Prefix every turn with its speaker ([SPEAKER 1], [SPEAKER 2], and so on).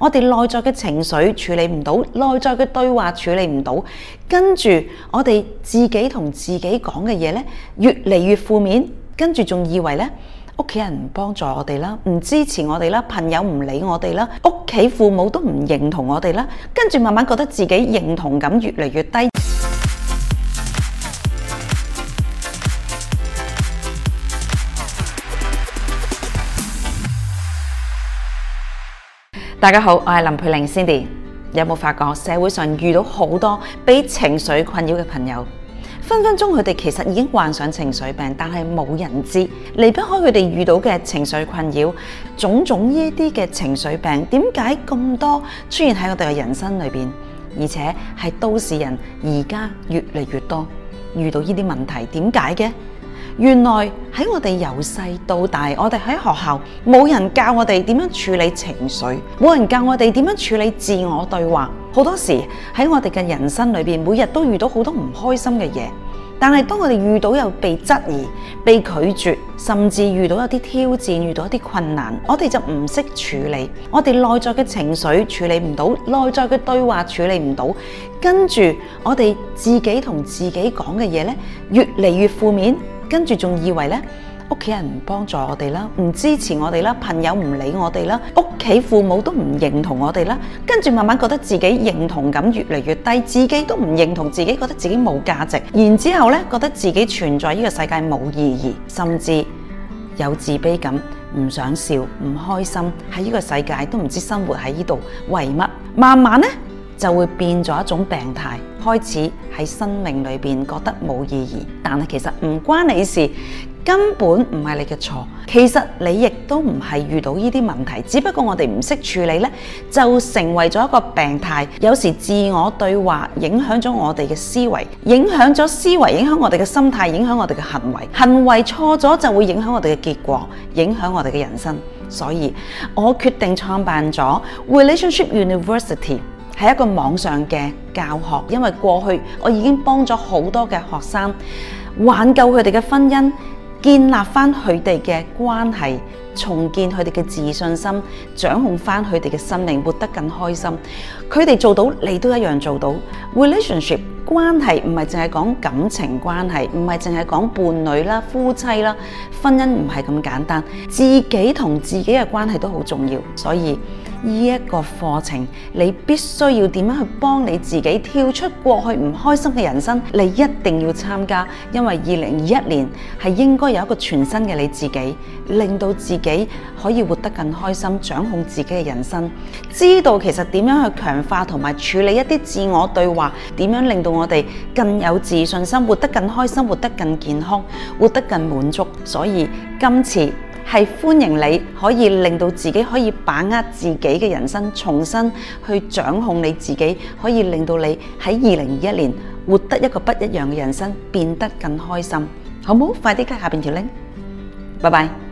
[SPEAKER 1] 我哋內在嘅情緒處理唔到，內在嘅對話處理唔到，跟住我哋自己同自己講嘅嘢咧，越嚟越負面，跟住仲以為咧屋企人唔幫助我哋啦，唔支持我哋啦，朋友唔理我哋啦，屋企父母都唔認同我哋啦，跟住慢慢覺得自己認同感越嚟越低。大家好，我係林佩玲 Cindy。有冇發覺社會上遇到好多被情緒困擾嘅朋友？分分鐘佢哋其實已經患上情緒病，但係冇人知。離不開佢哋遇到嘅情緒困擾，種種呢啲嘅情緒病，點解咁多出現喺我哋嘅人生裏面？而且係都市人而家越嚟越多遇到呢啲問題，點解嘅？原來喺我哋由細到大，我哋喺學校冇人教我哋點樣處理情緒，冇人教我哋點樣處理自我對話。好多時喺我哋嘅人生裏邊，每日都遇到好多唔開心嘅嘢。但係當我哋遇到有被質疑、被拒絕，甚至遇到一啲挑戰、遇到一啲困難，我哋就唔識處理，我哋內在嘅情緒處理唔到，內在嘅對話處理唔到，跟住我哋自己同自己講嘅嘢咧，越嚟越負面。跟住仲以為咧，屋企人唔幫助我哋啦，唔支持我哋啦，朋友唔理我哋啦，屋企父母都唔認同我哋啦。跟住慢慢覺得自己認同感越嚟越低，自己都唔認同自己，覺得自己冇價值。然之後咧，覺得自己存在呢個世界冇意義，甚至有自卑感，唔想笑，唔開心，喺呢個世界都唔知生活喺呢度為乜？慢慢咧。就會變咗一種病態，開始喺生命裏面覺得冇意義。但係其實唔關你事，根本唔係你嘅錯。其實你亦都唔係遇到呢啲問題，只不過我哋唔識處理咧，就成為咗一個病態。有時自我對話影響咗我哋嘅思維，影響咗思維，影響我哋嘅心態，影響我哋嘅行為。行為錯咗就會影響我哋嘅結果，影響我哋嘅人生。所以我決定創辦咗 Relationship University。係一個網上嘅教學，因為過去我已經幫咗好多嘅學生挽救佢哋嘅婚姻，建立翻佢哋嘅關係，重建佢哋嘅自信心，掌控翻佢哋嘅生命，活得更開心。佢哋做到，你都一樣做到。Relationship。關係唔係淨係講感情關係，唔係淨係講伴侶啦、夫妻啦，婚姻唔係咁簡單。自己同自己嘅關係都好重要，所以呢一個課程，你必須要點樣去幫你自己跳出過去唔開心嘅人生，你一定要參加，因為二零二一年係應該有一個全新嘅你自己，令到自己可以活得更開心，掌控自己嘅人生，知道其實點樣去強化同埋處理一啲自我對話，點樣令到。我哋更有自信心，活得更開心，活得更健康，活得更滿足。所以今次係歡迎你，可以令到自己可以把握自己嘅人生，重新去掌控你自己，可以令到你喺二零二一年活得一個不一樣嘅人生，變得更開心。好唔好？快啲跟下邊條 link，拜拜。